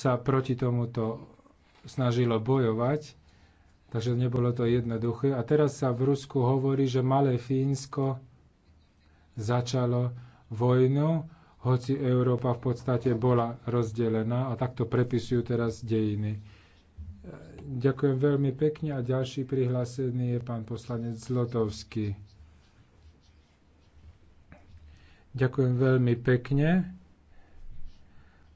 sa proti tomuto snažilo bojovať, takže nebolo to jednoduché. A teraz sa v Rusku hovorí, že malé Fínsko začalo vojnu, hoci Európa v podstate bola rozdelená a takto prepisujú teraz dejiny. Ďakujem veľmi pekne a ďalší prihlásený je pán poslanec Zlotovský. Ďakujem veľmi pekne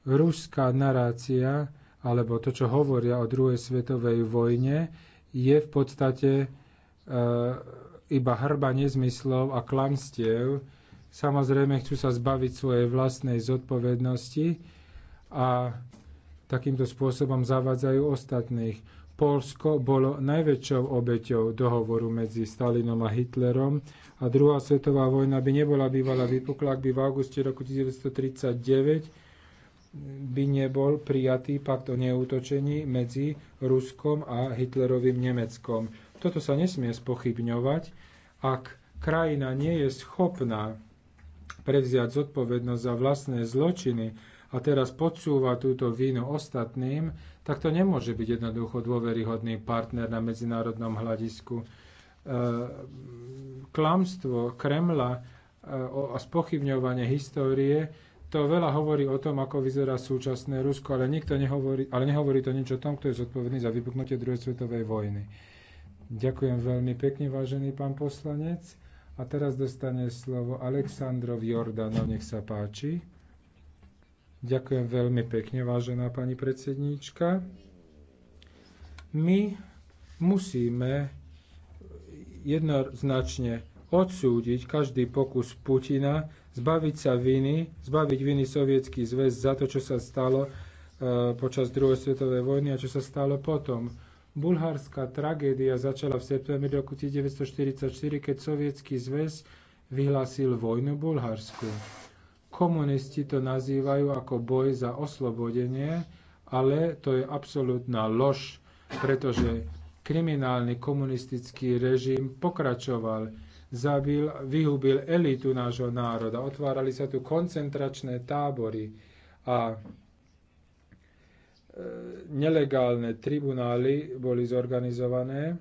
ruská narácia, alebo to, čo hovoria o druhej svetovej vojne, je v podstate e, iba hrba nezmyslov a klamstiev. Samozrejme, chcú sa zbaviť svojej vlastnej zodpovednosti a takýmto spôsobom zavádzajú ostatných. Polsko bolo najväčšou obeťou dohovoru medzi Stalinom a Hitlerom a druhá svetová vojna by nebola bývala vypukla, ak by v auguste roku 1939 by nebol prijatý pakt o neútočení medzi Ruskom a Hitlerovým Nemeckom. Toto sa nesmie spochybňovať, ak krajina nie je schopná prevziať zodpovednosť za vlastné zločiny a teraz podsúva túto vínu ostatným, tak to nemôže byť jednoducho dôveryhodný partner na medzinárodnom hľadisku. E, klamstvo Kremla e, a spochybňovanie histórie to veľa hovorí o tom, ako vyzerá súčasné Rusko, ale, nikto nehovorí, ale nehovorí to nič o tom, kto je zodpovedný za vypuknutie druhej svetovej vojny. Ďakujem veľmi pekne, vážený pán poslanec. A teraz dostane slovo Aleksandrov Jordanov, nech sa páči. Ďakujem veľmi pekne, vážená pani predsedníčka. My musíme jednoznačne odsúdiť každý pokus Putina zbaviť sa viny, zbaviť viny Sovietský zväz za to, čo sa stalo e, počas druhej svetovej vojny a čo sa stalo potom. Bulharská tragédia začala v septembri roku 1944, keď Sovietský zväz vyhlásil vojnu Bulharsku. Komunisti to nazývajú ako boj za oslobodenie, ale to je absolútna lož, pretože kriminálny komunistický režim pokračoval zabil, vyhubil elitu nášho národa. Otvárali sa tu koncentračné tábory a e, nelegálne tribunály boli zorganizované.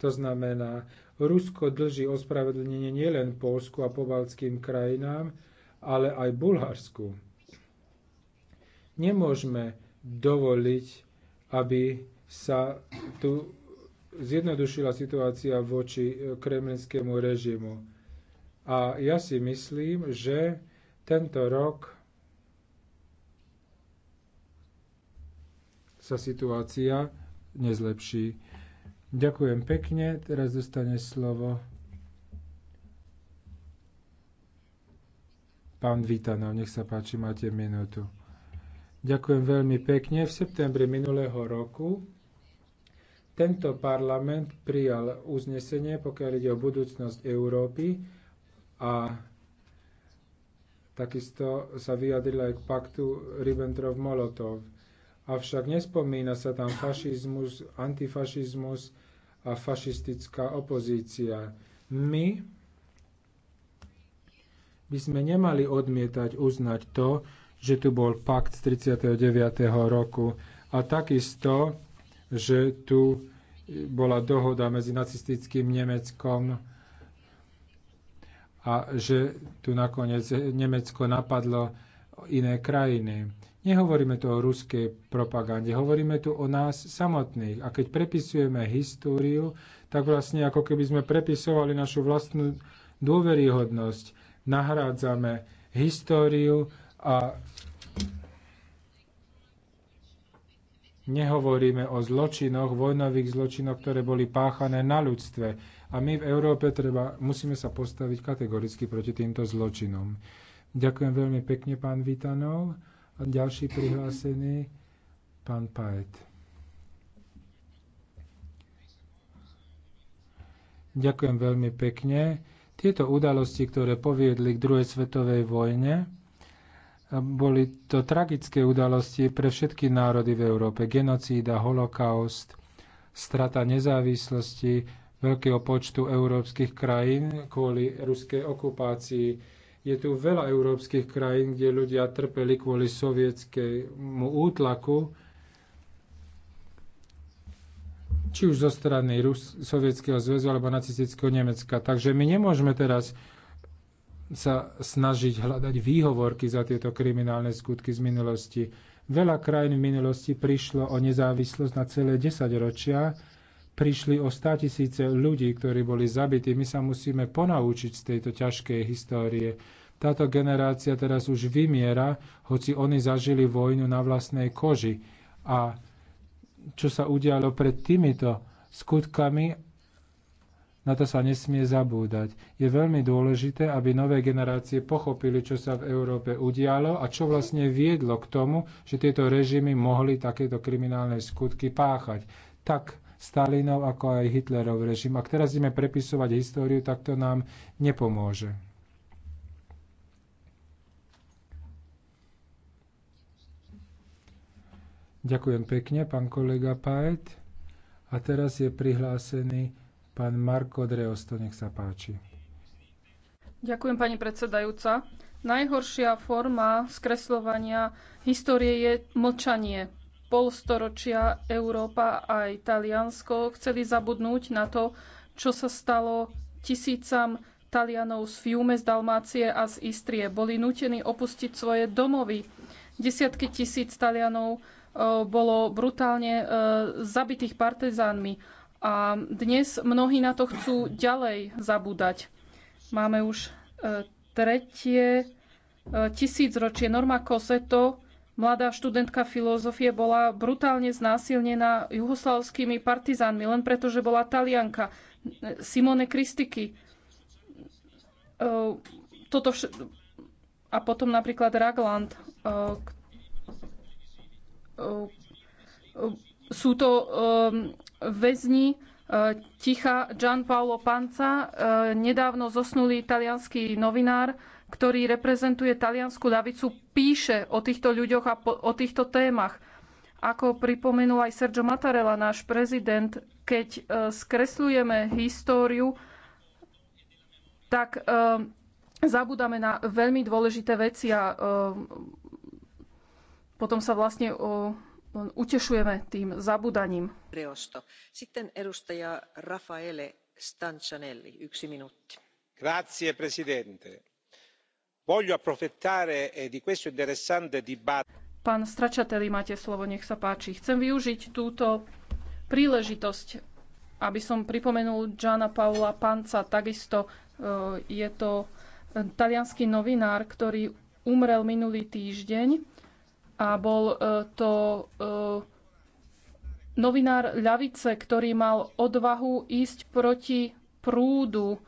To znamená, Rusko dlží ospravedlnenie nielen Polsku a pobaltským krajinám, ale aj Bulharsku. Nemôžeme dovoliť, aby sa tu zjednodušila situácia voči e, kremlinskému režimu. A ja si myslím, že tento rok sa situácia nezlepší. Ďakujem pekne. Teraz dostane slovo pán Vítanov. Nech sa páči, máte minútu. Ďakujem veľmi pekne. V septembri minulého roku tento parlament prijal uznesenie, pokiaľ ide o budúcnosť Európy a takisto sa vyjadrila aj k paktu Ribbentrop-Molotov. Avšak nespomína sa tam fašizmus, antifašizmus a fašistická opozícia. My by sme nemali odmietať uznať to, že tu bol pakt z 39. roku a takisto že tu bola dohoda medzi nacistickým Nemeckom a že tu nakoniec Nemecko napadlo iné krajiny. Nehovoríme tu o ruskej propagande, hovoríme tu o nás samotných. A keď prepisujeme históriu, tak vlastne ako keby sme prepisovali našu vlastnú dôveryhodnosť. Nahrádzame históriu a Nehovoríme o zločinoch, vojnových zločinoch, ktoré boli páchané na ľudstve. A my v Európe treba, musíme sa postaviť kategoricky proti týmto zločinom. Ďakujem veľmi pekne, pán Vitanov. A ďalší prihlásený, pán Paet. Ďakujem veľmi pekne. Tieto udalosti, ktoré poviedli k druhej svetovej vojne, boli to tragické udalosti pre všetky národy v Európe. Genocída, holokaust, strata nezávislosti veľkého počtu európskych krajín kvôli ruskej okupácii. Je tu veľa európskych krajín, kde ľudia trpeli kvôli sovietskému útlaku, či už zo strany Rus- Sovietskeho zväzu alebo nacistického Nemecka. Takže my nemôžeme teraz sa snažiť hľadať výhovorky za tieto kriminálne skutky z minulosti. Veľa krajín v minulosti prišlo o nezávislosť na celé 10 ročia, prišli o 100 tisíce ľudí, ktorí boli zabití. My sa musíme ponaučiť z tejto ťažkej histórie. Táto generácia teraz už vymiera, hoci oni zažili vojnu na vlastnej koži. A čo sa udialo pred týmito skutkami na to sa nesmie zabúdať. Je veľmi dôležité, aby nové generácie pochopili, čo sa v Európe udialo a čo vlastne viedlo k tomu, že tieto režimy mohli takéto kriminálne skutky páchať. Tak Stalinov ako aj Hitlerov režim. Ak teraz ideme prepisovať históriu, tak to nám nepomôže. Ďakujem pekne, pán kolega Pajt. A teraz je prihlásený Pán Marko Dreosto, nech sa páči. Ďakujem, pani predsedajúca. Najhoršia forma skresľovania histórie je mlčanie. Polstoročia Európa a Taliansko chceli zabudnúť na to, čo sa stalo tisícam Talianov z Fiume, z Dalmácie a z Istrie. Boli nútení opustiť svoje domovy. Desiatky tisíc Talianov e, bolo brutálne e, zabitých partizánmi a dnes mnohí na to chcú ďalej zabúdať. Máme už e, tretie e, tisícročie. Norma Koseto, mladá študentka filozofie, bola brutálne znásilnená juhoslavskými partizánmi len preto, že bola talianka. E, Simone Kristiky. Toto vš- a potom napríklad Ragland. Sú to väzni e, ticha Gian Paolo Panca, e, nedávno zosnulý talianský novinár, ktorý reprezentuje taliansku ľavicu, píše o týchto ľuďoch a po, o týchto témach. Ako pripomenul aj Sergio Mattarella, náš prezident, keď e, skresľujeme históriu, tak zabudáme na veľmi dôležité veci a potom sa vlastne utešujeme tým zabúdaním. Eh, Pán Stračateli, máte slovo, nech sa páči. Chcem využiť túto príležitosť, aby som pripomenul Gianna Paula Panca. Takisto eh, je to talianský novinár, ktorý umrel minulý týždeň a bol e, to e, novinár ľavice, ktorý mal odvahu ísť proti prúdu. E,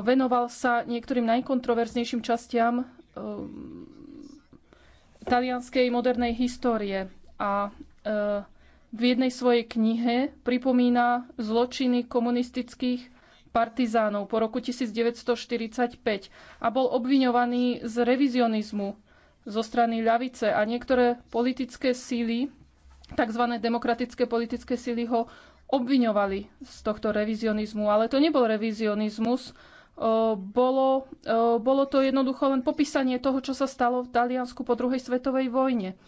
venoval sa niektorým najkontroverznejším častiam talianskej modernej histórie a v jednej svojej knihe pripomína zločiny komunistických partizánov po roku 1945 a bol obviňovaný z revizionizmu zo strany ľavice a niektoré politické síly, tzv. demokratické politické síly ho obviňovali z tohto revizionizmu. Ale to nebol revizionizmus, bolo, bolo to jednoducho len popísanie toho, čo sa stalo v Taliansku po druhej svetovej vojne.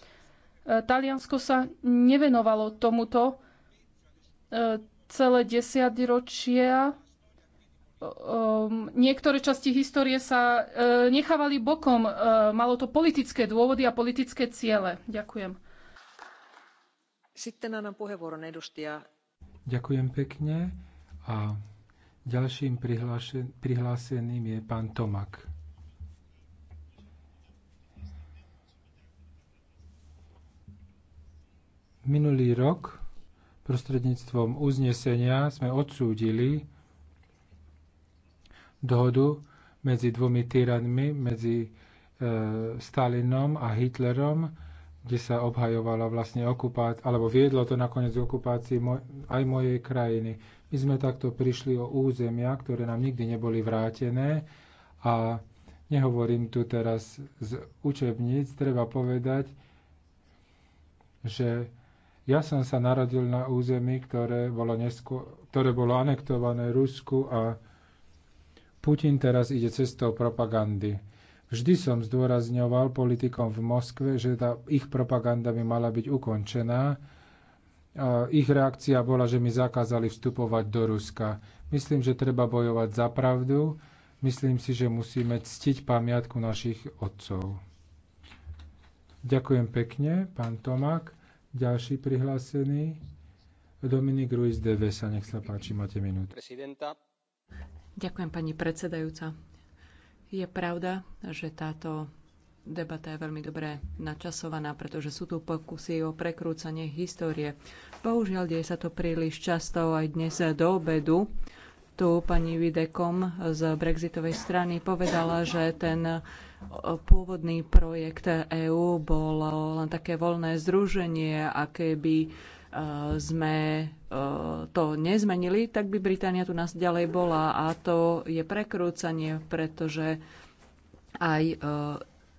Taliansko sa nevenovalo tomuto celé desiatročia um, niektoré časti histórie sa uh, nechávali bokom. Uh, malo to politické dôvody a politické ciele. Ďakujem. Sitten annan puheenvuoron edustaja. Ďakujem pekne. A ďalším prihláseným je pán Tomak. Minulý rok prostredníctvom uznesenia sme odsúdili dohodu medzi dvomi tyranmi, medzi e, Stalinom a Hitlerom, kde sa obhajovala vlastne okupácia, alebo viedlo to nakoniec okupácii moj, aj mojej krajiny. My sme takto prišli o územia, ktoré nám nikdy neboli vrátené a nehovorím tu teraz z učebníc, treba povedať, že ja som sa narodil na území, ktoré bolo, nesko- ktoré bolo anektované Rusku a Putin teraz ide cestou propagandy. Vždy som zdôrazňoval politikom v Moskve, že tá ich propaganda by mala byť ukončená. A ich reakcia bola, že mi zakázali vstupovať do Ruska. Myslím, že treba bojovať za pravdu. Myslím si, že musíme ctiť pamiatku našich otcov. Ďakujem pekne, pán Tomák. Ďalší prihlásený. Dominik Ruiz de Vesa, nech sa páči, máte minútu. Ďakujem, pani predsedajúca. Je pravda, že táto debata je veľmi dobre načasovaná, pretože sú tu pokusy o prekrúcanie histórie. Bohužiaľ, deje sa to príliš často aj dnes do obedu. Tu pani Videkom z Brexitovej strany povedala, že ten pôvodný projekt EÚ bol len také voľné združenie a keby sme e, to nezmenili, tak by Británia tu nás ďalej bola a to je prekrúcanie, pretože aj e,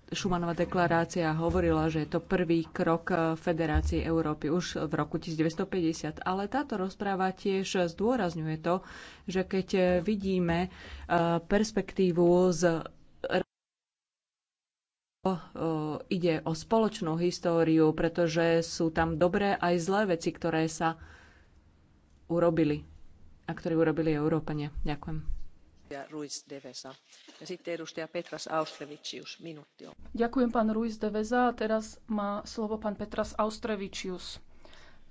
Šumanová deklarácia hovorila, že je to prvý krok e, Federácie Európy už v roku 1950, ale táto rozpráva tiež zdôrazňuje to, že keď vidíme perspektívu z Eh, ide o spoločnú históriu, pretože sú tam dobré aj zlé veci, ktoré sa urobili a ktoré urobili Európania. Ďakujem. Ďakujem, pán Ruiz de Veza. A teraz má slovo pán Petras Austrevičius.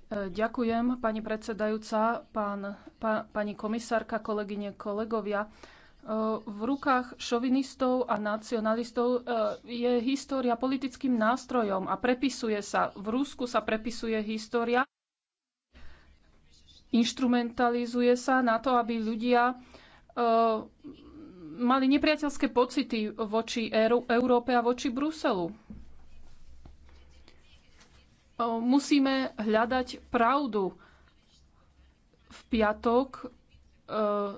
Eh, ďakujem, pani predsedajúca, pán, pá, pani komisárka, kolegyne, kolegovia. Eh, v rukách šovinistov a nacionalistov eh, je história politickým nástrojom a prepisuje sa. V Rusku sa prepisuje história, inštrumentalizuje sa na to, aby ľudia eh, mali nepriateľské pocity voči Európe a voči Bruselu. Musíme hľadať pravdu. V piatok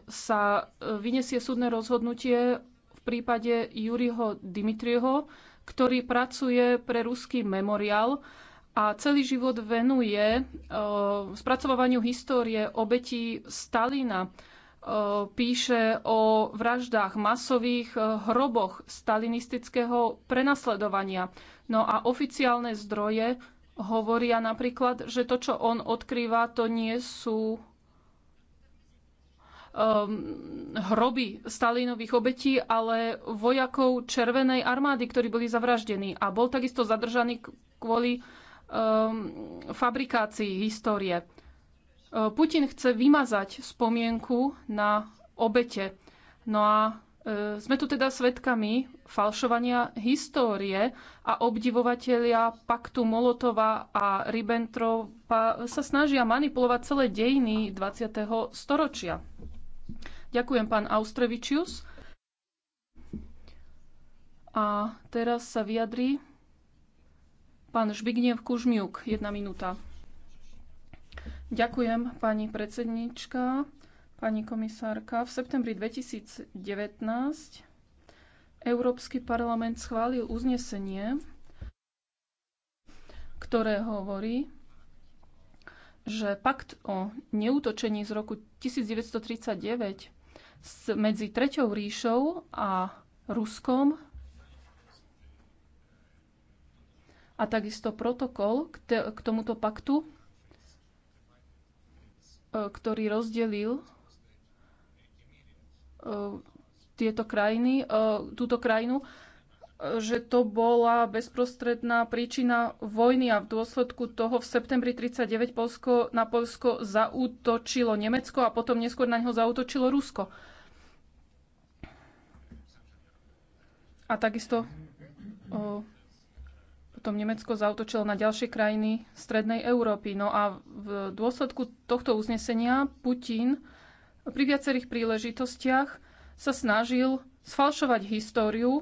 sa vyniesie súdne rozhodnutie v prípade Juriho Dimitrieho, ktorý pracuje pre ruský memoriál a celý život venuje e, spracovávaniu histórie obetí Stalina. E, píše o vraždách, masových e, hroboch stalinistického prenasledovania. No a oficiálne zdroje hovoria napríklad, že to, čo on odkrýva, to nie sú um, hroby Stalinových obetí, ale vojakov Červenej armády, ktorí boli zavraždení. A bol takisto zadržaný kvôli um, fabrikácii histórie. Uh, Putin chce vymazať spomienku na obete. No a e, sme tu teda svedkami falšovania histórie a obdivovatelia paktu Molotova a Ribbentropa sa snažia manipulovať celé dejiny 20. storočia. Ďakujem, pán Austrevičius. A teraz sa vyjadrí pán Žbigniev Kužmiuk. Jedna minúta. Ďakujem, pani predsednička, pani komisárka. V septembri 2019 Európsky parlament schválil uznesenie, ktoré hovorí, že pakt o neútočení z roku 1939 medzi Treťou ríšou a Ruskom a takisto protokol k, k tomuto paktu, e, ktorý rozdelil e, tieto krajiny, e, túto krajinu že to bola bezprostredná príčina vojny a v dôsledku toho v septembri 1939 Polsko, na Polsko zautočilo Nemecko a potom neskôr na ňo zaútočilo Rusko. A takisto o, potom Nemecko zautočilo na ďalšie krajiny Strednej Európy. No a v dôsledku tohto uznesenia Putin pri viacerých príležitostiach sa snažil sfalšovať históriu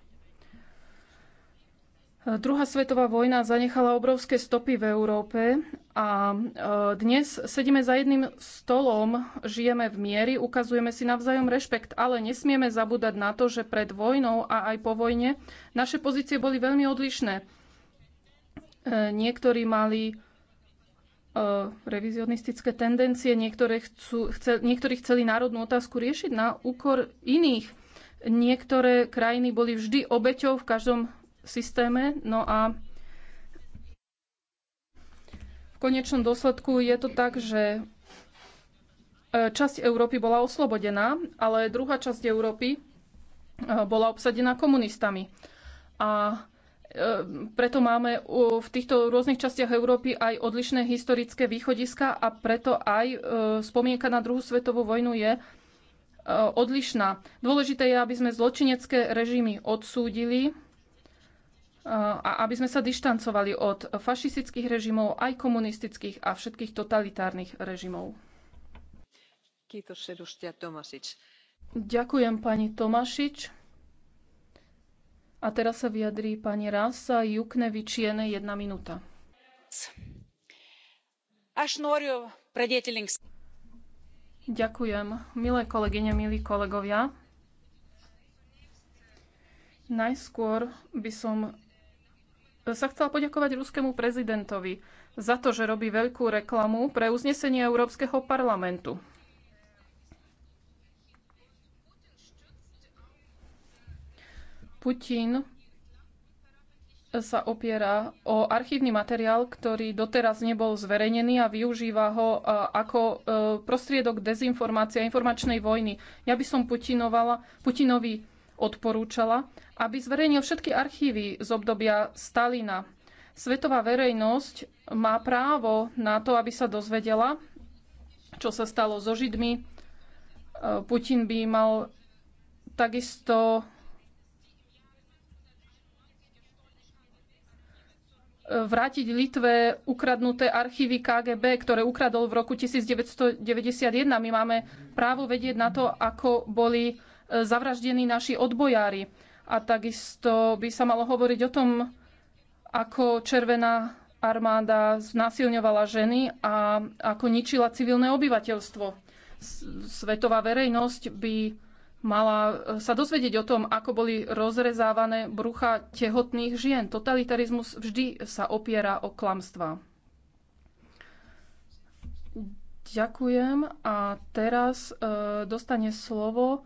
Druhá svetová vojna zanechala obrovské stopy v Európe a e, dnes sedíme za jedným stolom, žijeme v miery, ukazujeme si navzájom rešpekt, ale nesmieme zabúdať na to, že pred vojnou a aj po vojne naše pozície boli veľmi odlišné. E, niektorí mali e, revizionistické tendencie, niektoré chcú, chce, niektorí chceli národnú otázku riešiť na úkor iných. Niektoré krajiny boli vždy obeťou v každom systéme. No a v konečnom dôsledku je to tak, že e, časť Európy bola oslobodená, ale druhá časť Európy e, bola obsadená komunistami. A e, preto máme v týchto rôznych častiach Európy aj odlišné historické východiska a preto aj spomienka na druhú svetovú vojnu je odlišná. Dôležité je, aby sme zločinecké režimy odsúdili, a aby sme sa dištancovali od fašistických režimov, aj komunistických a všetkých totalitárnych režimov. Ďakujem pani Tomašič. A teraz sa vyjadrí pani Rasa Juknevičiene, jedna minúta. Ďakujem. Milé kolegyne, milí kolegovia, najskôr by som sa chcela poďakovať ruskému prezidentovi za to, že robí veľkú reklamu pre uznesenie Európskeho parlamentu. Putin sa opiera o archívny materiál, ktorý doteraz nebol zverejnený a využíva ho e, ako e, prostriedok dezinformácie a informačnej vojny. Ja by som Putinovala, Putinovi odporúčala, aby zverejnil všetky archívy z obdobia Stalina. Svetová verejnosť má právo na to, aby sa dozvedela, čo sa stalo so Židmi. E, Putin by mal takisto vrátiť Litve ukradnuté archívy KGB, ktoré ukradol v roku 1991. My máme právo vedieť na to, ako boli zavraždení naši odbojári. A takisto by sa malo hovoriť o tom, ako Červená armáda znásilňovala ženy a ako ničila civilné obyvateľstvo. Svetová verejnosť by mala e, sa dozvedieť o tom, ako boli rozrezávané brucha tehotných žien. Totalitarizmus vždy sa opiera o klamstvá. Ďakujem a teraz e, dostane slovo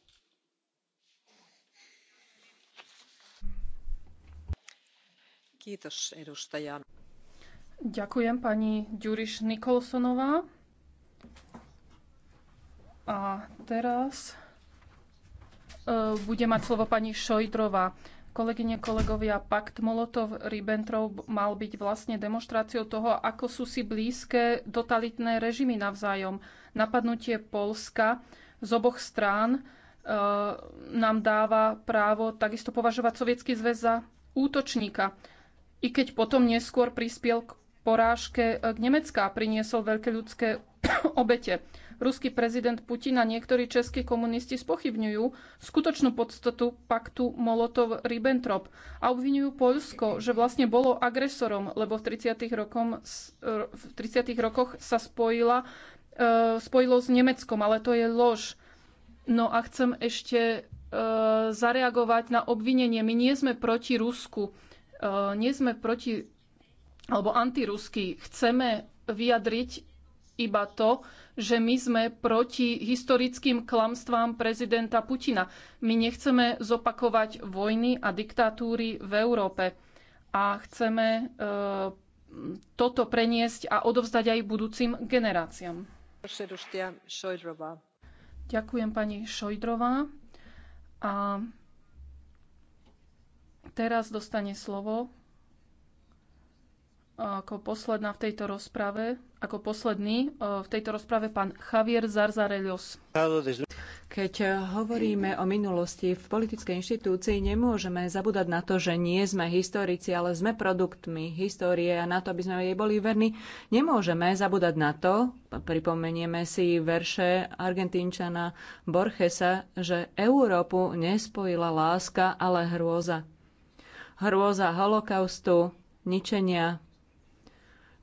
Ďakujem pani Ďuriš Nikolsonová. A teraz e, bude mať slovo pani Šojdrová. Kolegyne, kolegovia, pakt Molotov-Ribbentrop mal byť vlastne demonstráciou toho, ako sú si blízke totalitné režimy navzájom. Napadnutie Polska z oboch strán e, nám dáva právo takisto považovať Sovietský zväz za útočníka i keď potom neskôr prispiel k porážke e, Nemecka a priniesol veľké ľudské obete. Ruský prezident Putin a niektorí českí komunisti spochybňujú skutočnú podstatu paktu Molotov-Ribbentrop a obvinujú Poľsko, že vlastne bolo agresorom, lebo v 30. Rokom, e, v 30. rokoch sa spojila, e, spojilo s Nemeckom, ale to je lož. No a chcem ešte zareagovať na obvinenie. My nie sme proti Rusku Eh, nie sme proti alebo antirusky. Chceme vyjadriť iba to, že my sme proti historickým klamstvám prezidenta Putina. My nechceme zopakovať vojny a diktatúry v Európe a chceme e, toto preniesť a odovzdať aj budúcim generáciám. Ďakujem pani Šojdrová. A Teraz dostane slovo ako posledná v tejto rozprave, ako posledný e, v tejto rozprave pán Javier Zarzarelios. Keď hovoríme o minulosti v politickej inštitúcii, nemôžeme zabúdať na to, že nie sme historici, ale sme produktmi histórie a na to, aby sme jej boli verní, nemôžeme zabúdať na to, pripomenieme si verše Argentínčana Borgesa, že Európu nespojila láska, ale hrôza hrôza holokaustu, ničenia,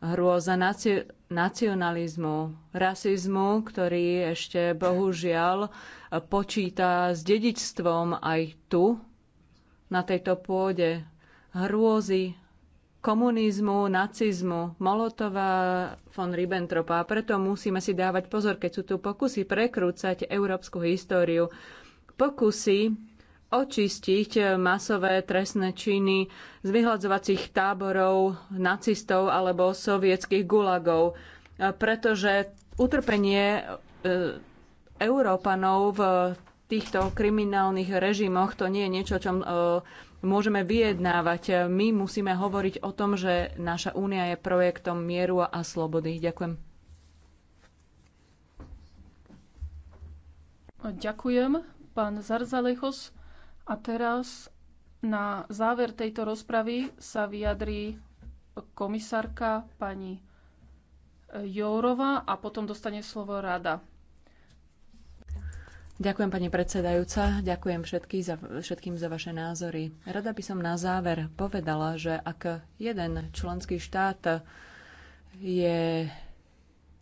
hrôza naci- nacionalizmu, rasizmu, ktorý ešte bohužiaľ počíta s dedičstvom aj tu, na tejto pôde, hrôzy komunizmu, nacizmu, Molotova, von Ribbentropa. A preto musíme si dávať pozor, keď sú tu pokusy prekrúcať európsku históriu. Pokusy očistiť eh, masové trestné činy z vyhľadzovacích táborov nacistov alebo sovietských gulagov, eh, pretože utrpenie eh, Európanov v týchto kriminálnych režimoch to nie je niečo, čo môžeme vyjednávať. My musíme hovoriť o tom, že naša únia je projektom mieru a slobody. Ďakujem. Ďakujem, pán Zarzalejchos. A teraz na záver tejto rozpravy sa vyjadrí komisárka pani Jourova a potom dostane slovo rada. Ďakujem pani predsedajúca, ďakujem všetkým za, všetkým za vaše názory. Rada by som na záver povedala, že ak jeden členský štát je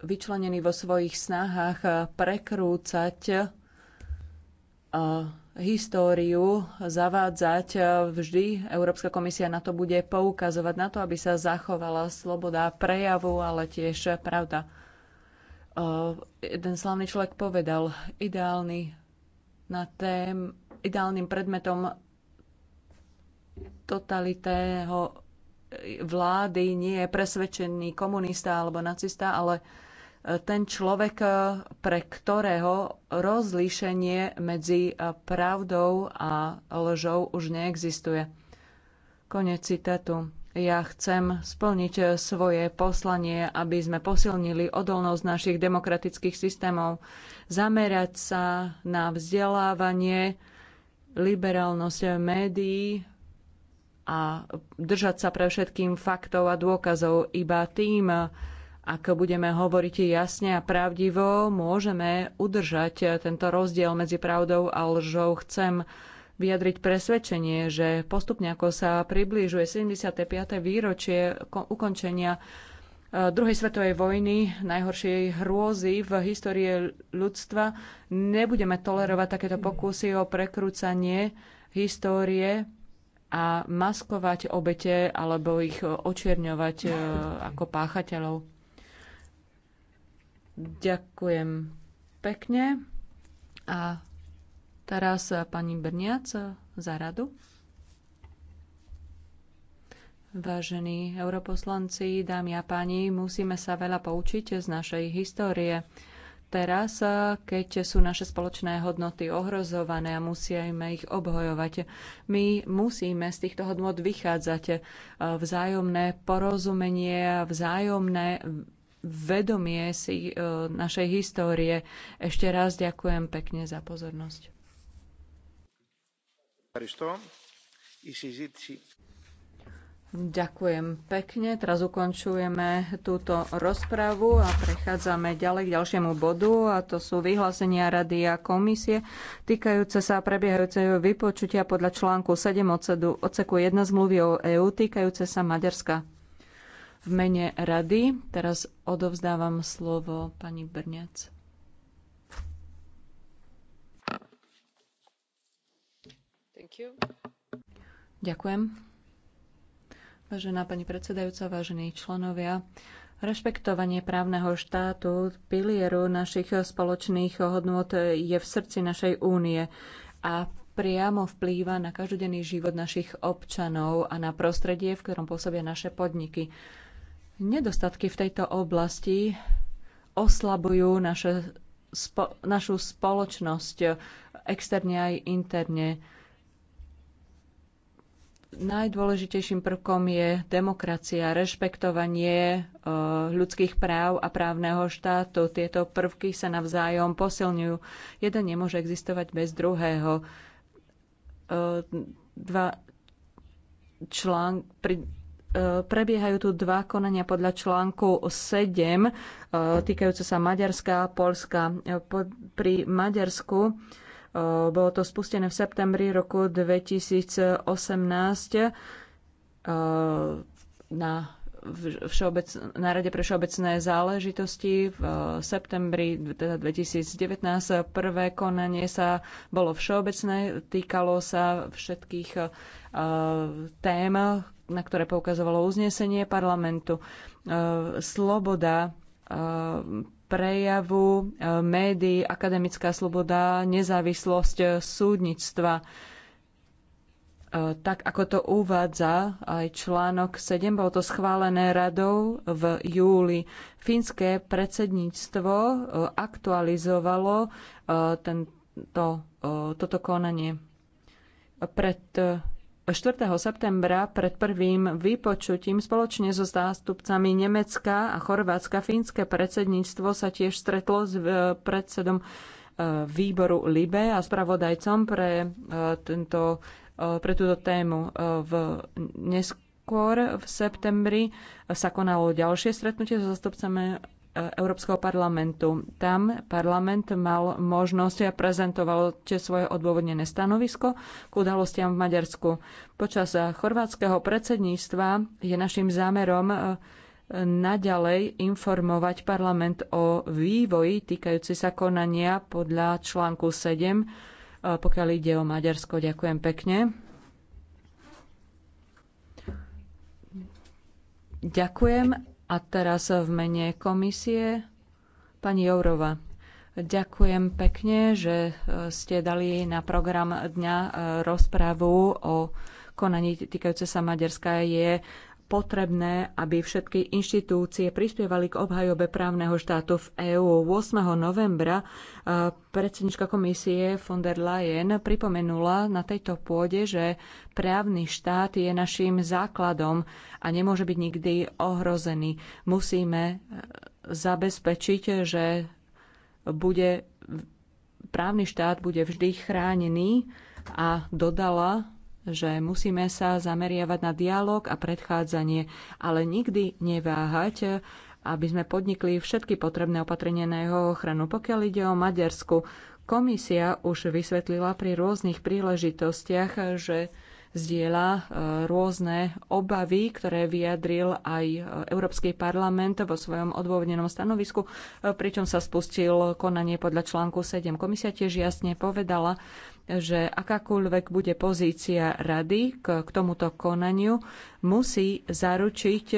vyčlenený vo svojich snahách prekrúcať históriu zavádzať. Vždy Európska komisia na to bude poukazovať, na to, aby sa zachovala sloboda prejavu, ale tiež pravda. Jeden slavný človek povedal, ideálny na tém, ideálnym predmetom totalitého vlády nie je presvedčený komunista alebo nacista, ale ten človek, e, pre ktorého rozlíšenie medzi e, pravdou a lžou už neexistuje. Konec citátu. Ja chcem splniť e, svoje poslanie, aby sme posilnili odolnosť našich demokratických systémov, zamerať sa na vzdelávanie, liberálnosť médií a držať sa pre všetkým faktov a dôkazov. Iba tým ak budeme hovoriť jasne a pravdivo, môžeme udržať tento rozdiel medzi pravdou a lžou. Chcem vyjadriť presvedčenie, že postupne ako sa približuje 75. výročie ukončenia e, druhej svetovej vojny, najhoršej hrôzy v histórii ľudstva, nebudeme tolerovať takéto pokusy o prekrúcanie histórie a maskovať obete alebo ich očierňovať e, ako páchateľov. Ďakujem pekne. A teraz pani Brniac za radu. Vážení europoslanci, dámy a páni, musíme sa veľa poučiť z našej histórie. Teraz, keď sú naše spoločné hodnoty ohrozované a musíme ich obhojovať, my musíme z týchto hodnot vychádzať. Vzájomné porozumenie, vzájomné vedomie si e, našej histórie. Ešte raz ďakujem pekne za pozornosť. Ďakujem pekne. Teraz ukončujeme túto rozpravu a prechádzame ďalej k ďalšiemu bodu a to sú vyhlásenia Rady a komisie týkajúce sa prebiehajúceho vypočutia podľa článku 7 odseku 1 zmluvy o EÚ týkajúce sa Maďarska v mene rady. Teraz odovzdávam slovo pani Brňac. Ďakujem. Vážená pani predsedajúca, vážení členovia, Rešpektovanie právneho štátu, pilieru našich spoločných hodnôt je v srdci našej únie a priamo vplýva na každodenný život našich občanov a na prostredie, v ktorom pôsobia naše podniky. Nedostatky v tejto oblasti oslabujú naše, spo, našu spoločnosť externe aj interne. Najdôležitejším prvkom je demokracia, rešpektovanie e, ľudských práv a právneho štátu. Tieto prvky sa navzájom posilňujú. Jeden nemôže existovať bez druhého. E, dva člán, pri E, prebiehajú tu dva konania podľa článku 7 e, týkajúce sa Maďarska a Polska. E, pri Maďarsku bolo to spustené v septembri roku 2018 na, všeobec, na Rade pre všeobecné záležitosti v septembri teda 2019. Prvé konanie sa bolo všeobecné, týkalo sa všetkých tém, na ktoré poukazovalo uznesenie parlamentu. E, sloboda e, prejavu e, médií, akademická sloboda, nezávislosť súdnictva. Tak ako to uvádza aj článok 7, bolo to schválené radou v júli. Fínske predsedníctvo aktualizovalo tento, toto konanie. Pred 4. septembra pred prvým vypočutím spoločne so zástupcami Nemecka a Chorvátska fínske predsedníctvo sa tiež stretlo s e, predsedom e, výboru LIBE a spravodajcom pre, e, tento, pre túto tému. V neskôr v septembri sa konalo ďalšie stretnutie so zástupcami Európskeho parlamentu. Tam parlament mal možnosť a prezentoval svoje odôvodnené stanovisko k udalostiam v Maďarsku. Počas chorvátskeho predsedníctva je našim zámerom e, naďalej informovať parlament o vývoji týkajúci sa konania podľa článku 7, e, pokiaľ ide o Maďarsko. Ďakujem pekne. Ďakujem a teraz v mene komisie pani Jourova. Ďakujem pekne, že e, ste dali na program dňa e, rozprávu o konaní týkajúce sa Maďarska. Je potrebné, aby všetky inštitúcie prispievali k obhajobe právneho štátu v EÚ. 8. novembra e, predsednička komisie von der Leyen pripomenula na tejto pôde, že právny štát je našim základom a nemôže byť nikdy ohrozený. Musíme e, zabezpečiť, že bude, právny štát bude vždy chránený a dodala, že musíme sa zameriavať na dialog a predchádzanie, ale nikdy neváhať, aby sme podnikli všetky potrebné opatrenia na jeho ochranu. Pokiaľ ide o Maďarsku, komisia už vysvetlila pri rôznych príležitostiach, že zdieľa e, rôzne obavy, ktoré vyjadril aj e, Európsky parlament vo svojom odôvodnenom stanovisku, e, pričom sa spustil konanie podľa článku 7. Komisia tiež jasne povedala, že akákoľvek bude pozícia rady k, k tomuto konaniu, musí zaručiť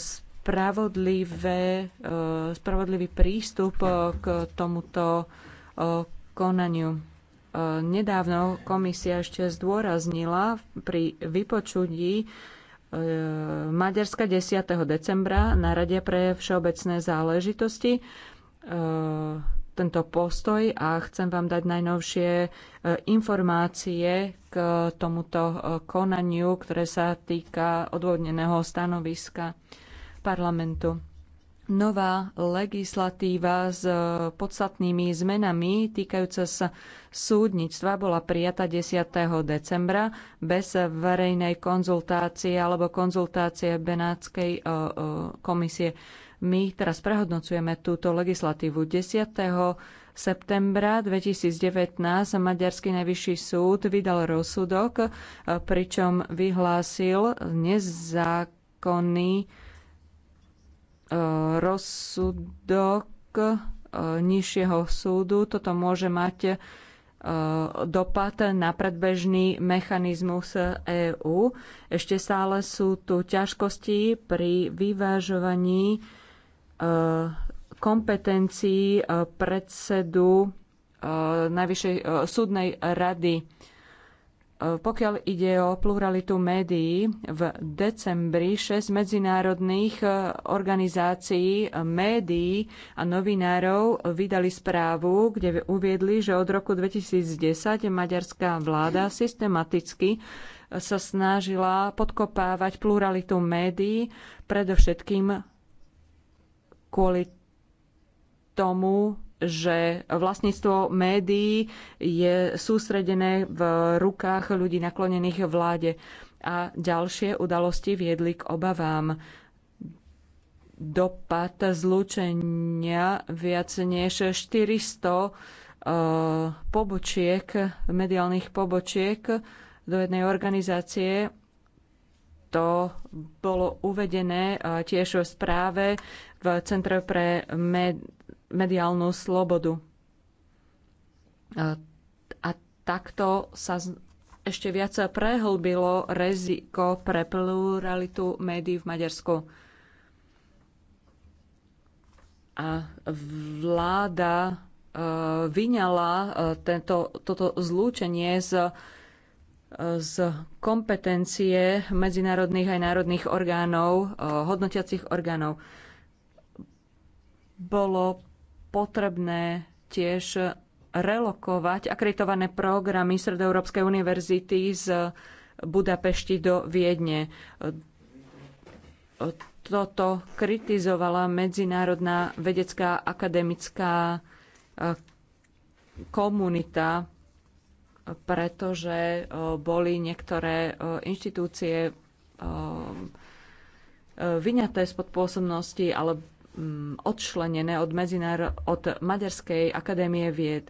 spravodlivé, spravodlivý prístup k tomuto konaniu Nedávno komisia ešte zdôraznila pri vypočutí e, Maďarska 10. decembra na Rade pre všeobecné záležitosti e, tento postoj a chcem vám dať najnovšie e, informácie k tomuto konaniu, ktoré sa týka odvodneného stanoviska parlamentu nová legislatíva s e, podstatnými zmenami týkajúce sa súdnictva bola prijata 10. decembra bez verejnej konzultácie alebo konzultácie Benátskej e, e, komisie. My teraz prehodnocujeme túto legislatívu 10. septembra 2019 Maďarský najvyšší súd vydal rozsudok, pričom vyhlásil nezákonný rozsudok eh, nižšieho súdu. Toto môže mať eh, dopad na predbežný mechanizmus EÚ. Ešte stále sú tu ťažkosti pri vyvážovaní eh, kompetencií predsedu Najvyššej súdnej rady pokiaľ ide o pluralitu médií, v decembri 6 medzinárodných e, organizácií e, médií a novinárov vydali správu, kde uviedli, že od roku 2010 maďarská vláda systematicky e, sa snažila podkopávať pluralitu médií, predovšetkým kvôli tomu, že vlastníctvo médií je sústredené v rukách ľudí naklonených vláde. A ďalšie udalosti viedli k obavám. Dopad zlúčenia viac než 400 e, pobočiek, mediálnych pobočiek do jednej organizácie to bolo uvedené e, tiež v správe v Centre pre med- mediálnu slobodu. A takto sa ešte viac prehlbilo riziko pre pluralitu médií v Maďarsku. A vláda e, vyňala e, tento, toto zlúčenie z, e, z kompetencie medzinárodných aj národných orgánov, hodnotiacich orgánov. Bolo potrebné tiež relokovať akreditované programy Sredoeurópskej univerzity z Budapešti do Viedne. Toto kritizovala medzinárodná vedecká akademická e, komunita, pretože e, boli niektoré e, inštitúcie vyňaté spod pôsobnosti ale Mm, odčlenené od, medzinár- od Maďarskej akadémie vied.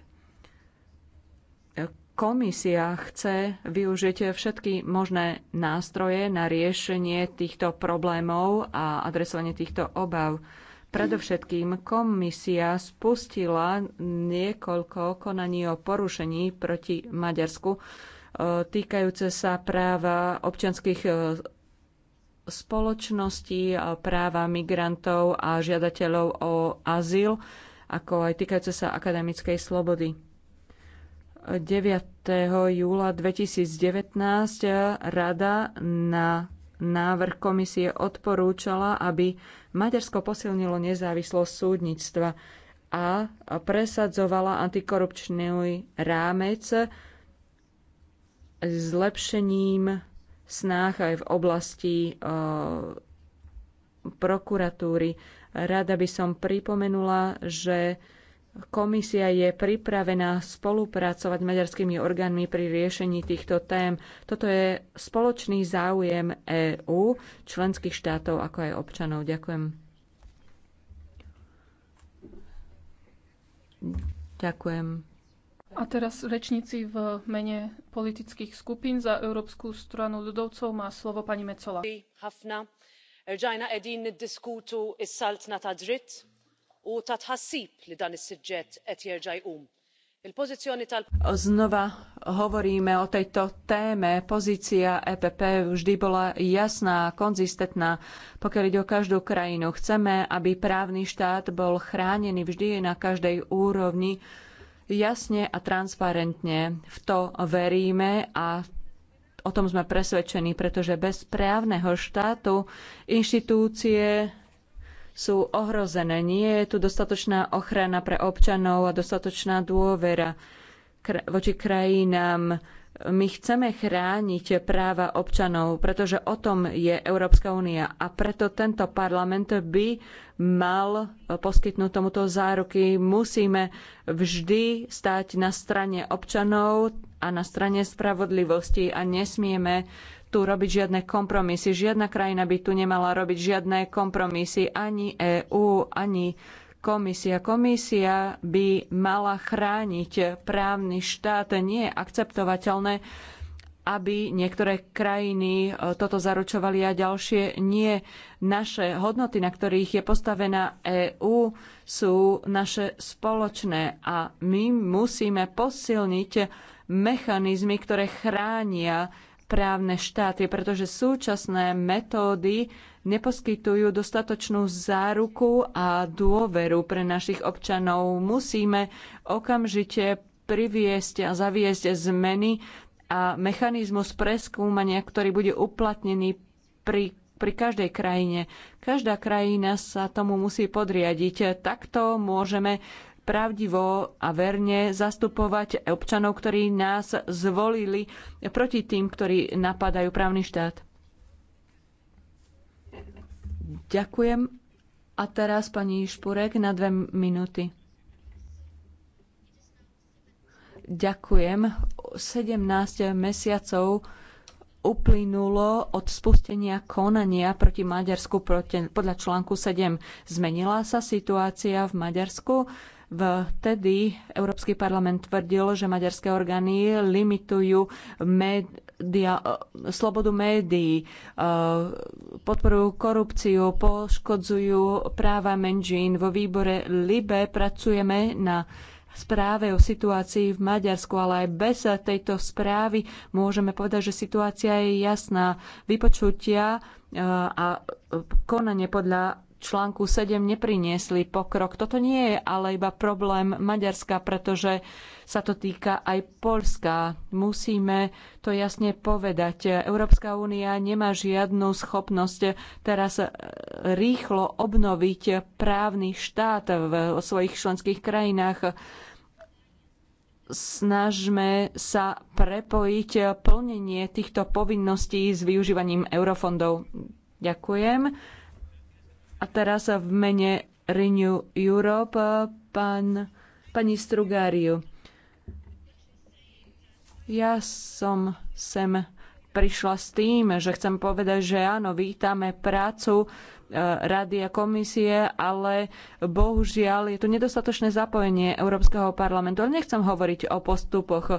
Komisia chce využiť všetky možné nástroje na riešenie týchto problémov a adresovanie týchto obav. Predovšetkým komisia spustila niekoľko konaní o porušení proti Maďarsku e, týkajúce sa práva občianských e, spoločnosti, práva migrantov a žiadateľov o azyl, ako aj týkajúce sa akademickej slobody. 9. júla 2019 Rada na návrh komisie odporúčala, aby Maďarsko posilnilo nezávislosť súdnictva a presadzovala antikorupčný rámec zlepšením snách aj v oblasti e, prokuratúry. Rada by som pripomenula, že Komisia je pripravená spolupracovať s maďarskými orgánmi pri riešení týchto tém. Toto je spoločný záujem EÚ, členských štátov, ako aj občanov. Ďakujem. Ďakujem. A teraz rečníci v mene politických skupín za Európsku stranu ľudovcov má slovo pani Mecola. Rġajna qegħdin niddiskutu s-saltna ta' dritt u ta' tħassib li dan is-suġġett qed jerġa' jqum. Znova hovoríme o tejto téme. Pozícia EPP vždy bola jasná, konzistentná, pokiaľ ide o každú krajinu. Chceme, aby právny štát bol chránený vždy na každej úrovni jasne a transparentne. V to veríme a o tom sme presvedčení, pretože bez právneho štátu inštitúcie sú ohrozené. Nie je tu dostatočná ochrana pre občanov a dostatočná dôvera voči krajinám my chceme chrániť práva občanov, pretože o tom je Európska únia a preto tento parlament by mal poskytnúť tomuto záruky. Musíme vždy stať na strane občanov a na strane spravodlivosti a nesmieme tu robiť žiadne kompromisy. Žiadna krajina by tu nemala robiť žiadne kompromisy, ani EÚ, ani komisia. Komisia by mala chrániť právny štát. Nie je akceptovateľné, aby niektoré krajiny e, toto zaručovali a ďalšie nie. Naše hodnoty, na ktorých je postavená EÚ, sú naše spoločné a my musíme posilniť mechanizmy, ktoré chránia právne štáty, pretože súčasné metódy neposkytujú dostatočnú záruku a dôveru pre našich občanov. Musíme okamžite priviesť a zaviesť zmeny a mechanizmus preskúmania, ktorý bude uplatnený pri, pri každej krajine. Každá krajina sa tomu musí podriadiť. Takto môžeme pravdivo a verne zastupovať občanov, ktorí nás zvolili proti tým, ktorí napadajú právny štát. Ďakujem. A teraz pani Špurek na dve minúty. Ďakujem. 17 mesiacov uplynulo od spustenia konania proti Maďarsku podľa článku 7. Zmenila sa situácia v Maďarsku? Vtedy Európsky parlament tvrdil, že maďarské orgány limitujú Dia, slobodu médií, e, podporujú korupciu, poškodzujú práva menžín. Vo výbore LIBE pracujeme na správe o situácii v Maďarsku, ale aj bez tejto správy môžeme povedať, že situácia je jasná. Vypočutia e, a konanie podľa článku 7 nepriniesli pokrok. Toto nie je ale iba problém Maďarska, pretože sa to týka aj Polska. Musíme to jasne povedať. Európska únia nemá žiadnu schopnosť teraz e, rýchlo obnoviť právny štát v svojich členských krajinách snažme sa prepojiť plnenie týchto povinností s využívaním eurofondov. Ďakujem. A teraz v mene Renew Europe pán, pani Strugáriu. Ja som sem prišla s tým, že chcem povedať, že áno, vítame prácu e, rady a komisie, ale bohužiaľ je tu nedostatočné zapojenie Európskeho parlamentu. Ale nechcem hovoriť o postupoch. E,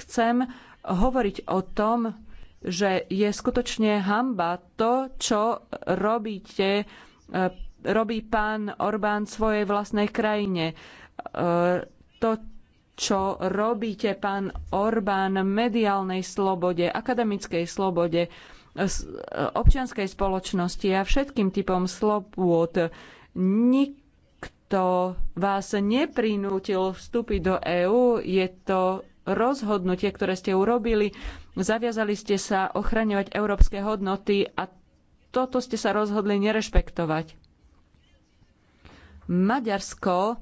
chcem hovoriť o tom, že je skutočne hamba to, čo robíte, e, robí pán Orbán svojej vlastnej krajine. E, to, čo robíte, pán Orbán, mediálnej slobode, akademickej slobode, občianskej spoločnosti a všetkým typom slobôd. Nikto vás neprinútil vstúpiť do EÚ, je to rozhodnutie, ktoré ste urobili. Zaviazali ste sa ochraňovať európske hodnoty a toto ste sa rozhodli nerešpektovať. Maďarsko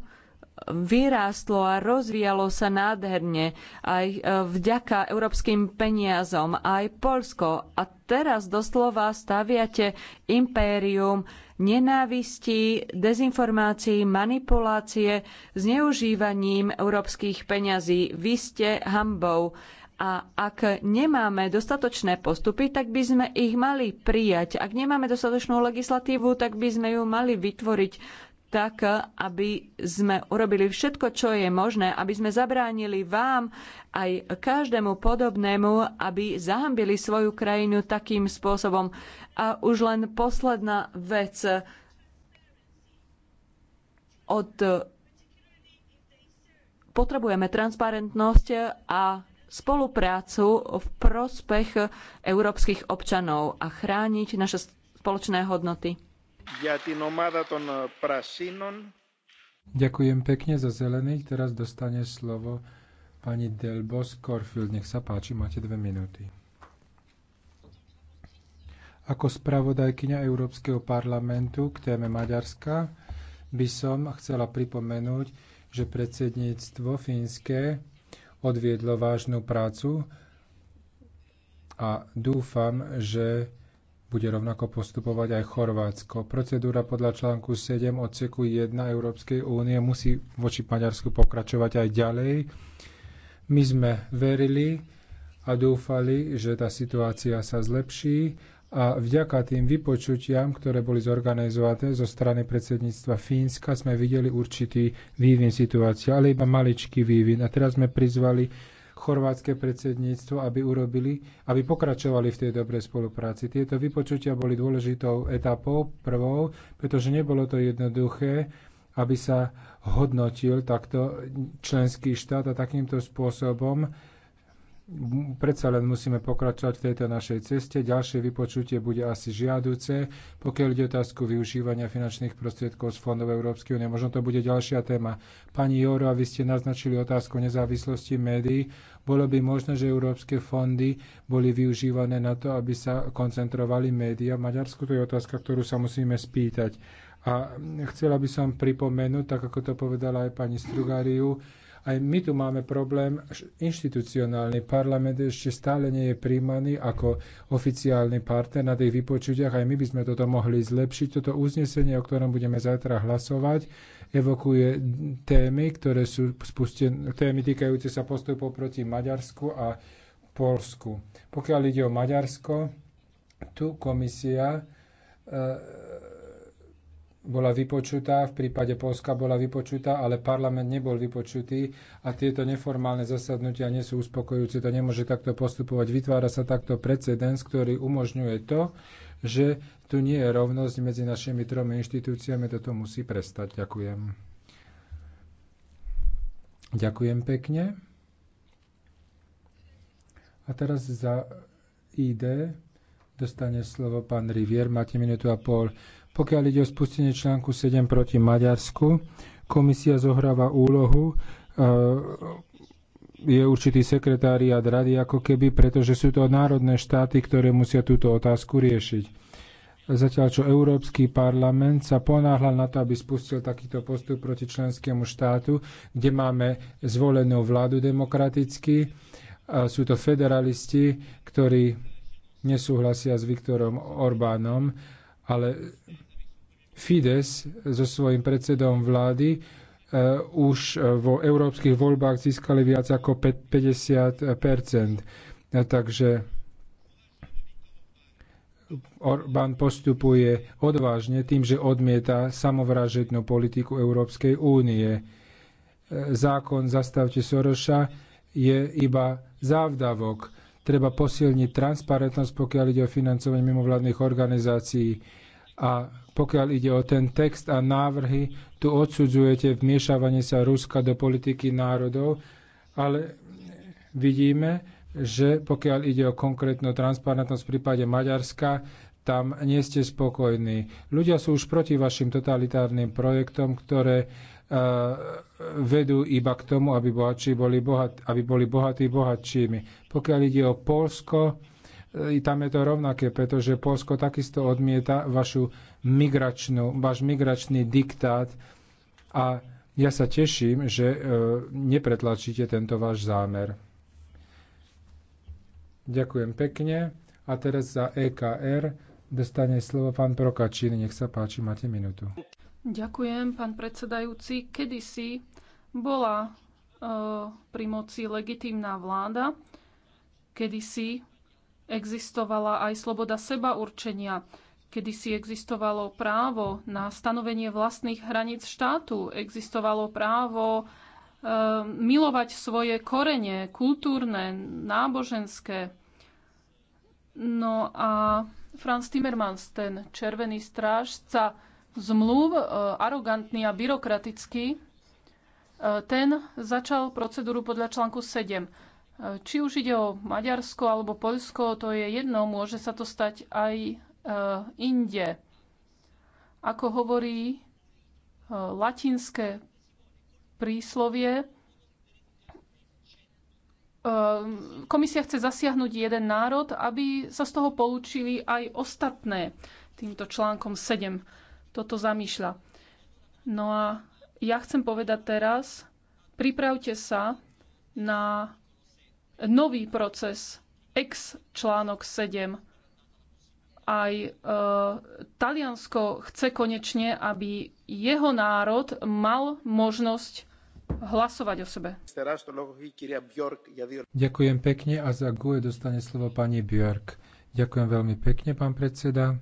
vyrástlo a rozvíjalo sa nádherne aj e, vďaka európskym peniazom, aj Polsko. A teraz doslova staviate impérium nenávisti, dezinformácií, manipulácie, zneužívaním európskych peňazí. Vy ste hambou. A ak nemáme dostatočné postupy, tak by sme ich mali prijať. Ak nemáme dostatočnú legislatívu, tak by sme ju mali vytvoriť tak aby sme urobili všetko, čo je možné, aby sme zabránili vám aj každému podobnému, aby zahambili svoju krajinu takým spôsobom. A už len posledná vec od potrebujeme transparentnosť a spoluprácu v prospech európskych občanov a chrániť naše spoločné hodnoty. Ďakujem pekne za zelený. Teraz dostane slovo pani Delbos Corfield. Nech sa páči, máte dve minúty. Ako spravodajkyňa Európskeho parlamentu k téme Maďarska by som chcela pripomenúť, že predsedníctvo fínske odviedlo vážnu prácu a dúfam, že bude rovnako postupovať aj Chorvátsko. Procedúra podľa článku 7 odseku 1 Európskej únie musí voči Maďarsku pokračovať aj ďalej. My sme verili a dúfali, že tá situácia sa zlepší a vďaka tým vypočutiam, ktoré boli zorganizované zo strany predsedníctva Fínska, sme videli určitý vývin situácie, ale iba maličký vývin. A teraz sme prizvali chorvátske predsedníctvo, aby urobili, aby pokračovali v tej dobrej spolupráci. Tieto vypočutia boli dôležitou etapou, prvou, pretože nebolo to jednoduché, aby sa hodnotil takto členský štát a takýmto spôsobom predsa len musíme pokračovať v tejto našej ceste. Ďalšie vypočutie bude asi žiaduce, pokiaľ ide otázku využívania finančných prostriedkov z fondov Európskej únie. Možno to bude ďalšia téma. Pani Joro, vy ste naznačili otázku nezávislosti médií. Bolo by možné, že európske fondy boli využívané na to, aby sa koncentrovali médiá. V Maďarsku to je otázka, ktorú sa musíme spýtať. A chcela by som pripomenúť, tak ako to povedala aj pani Strugariu, aj my tu máme problém inštitucionálny. Parlament ešte stále nie je príjmaný ako oficiálny partner na tých vypočutiach. Aj my by sme toto mohli zlepšiť. Toto uznesenie, o ktorom budeme zajtra hlasovať, evokuje témy, ktoré sú spustené, témy týkajúce sa postupov proti Maďarsku a Polsku. Pokiaľ ide o Maďarsko, tu komisia e, bola vypočutá, v prípade Polska bola vypočutá, ale parlament nebol vypočutý a tieto neformálne zasadnutia nie sú uspokojujúce. To nemôže takto postupovať. Vytvára sa takto precedens, ktorý umožňuje to, že tu nie je rovnosť medzi našimi tromi inštitúciami. Toto musí prestať. Ďakujem. Ďakujem pekne. A teraz za ID dostane slovo pán Rivier. Máte minútu a pol. Pokiaľ ide o spustenie článku 7 proti Maďarsku, komisia zohráva úlohu, eh, je určitý sekretáriat rady ako keby, pretože sú to národné štáty, ktoré musia túto otázku riešiť. Zatiaľ, čo Európsky parlament sa ponáhľal na to, aby spustil takýto postup proti členskému štátu, kde máme zvolenú vládu demokraticky. A sú to federalisti, ktorí nesúhlasia s Viktorom Orbánom ale Fides so svojím predsedom vlády eh, už eh, vo európskych voľbách získali viac ako 50 eh, Takže Orbán postupuje odvážne tým, že odmieta samovražednú politiku Európskej únie. Zákon Zastavte Soroša je iba závdavok Treba posilniť transparentnosť, pokiaľ ide o financovanie mimovládnych organizácií. A pokiaľ ide o ten text a návrhy, tu odsudzujete vmiešavanie sa Ruska do politiky národov, ale vidíme, že pokiaľ ide o konkrétnu transparentnosť v prípade Maďarska, tam nie ste spokojní. Ľudia sú už proti vašim totalitárnym projektom, ktoré Eh, vedú iba k tomu, aby, bohatší boli bohat, aby boli bohatí bohatšími. Pokiaľ ide o Polsko, eh, tam je to rovnaké, pretože Polsko takisto odmieta vašu migračnú, váš migračný diktát a ja sa teším, že eh, nepretlačíte tento váš zámer. Ďakujem pekne. A teraz za EKR dostane slovo pán Prokačín. Nech sa páči, máte minútu. Ďakujem, pán predsedajúci. Kedysi bola e, pri moci legitímna vláda, kedysi existovala aj sloboda seba určenia, kedysi existovalo právo na stanovenie vlastných hraníc štátu, existovalo právo e, milovať svoje korene, kultúrne, náboženské. No a Franz Timmermans, ten červený strážca, zmluv, e, arogantný a byrokratický, e, ten začal procedúru podľa článku 7. E, či už ide o Maďarsko alebo Poľsko, to je jedno, môže sa to stať aj inde. Ako hovorí latinské príslovie, komisia chce zasiahnuť jeden národ, aby sa z toho poučili aj ostatné týmto článkom 7 toto zamýšľa. No a ja chcem povedať teraz, pripravte sa na nový proces ex článok 7. Aj e, Taliansko chce konečne, aby jeho národ mal možnosť hlasovať o sebe. Ďakujem pekne a za GUE dostane slovo pani Björk. Ďakujem veľmi pekne, pán predseda.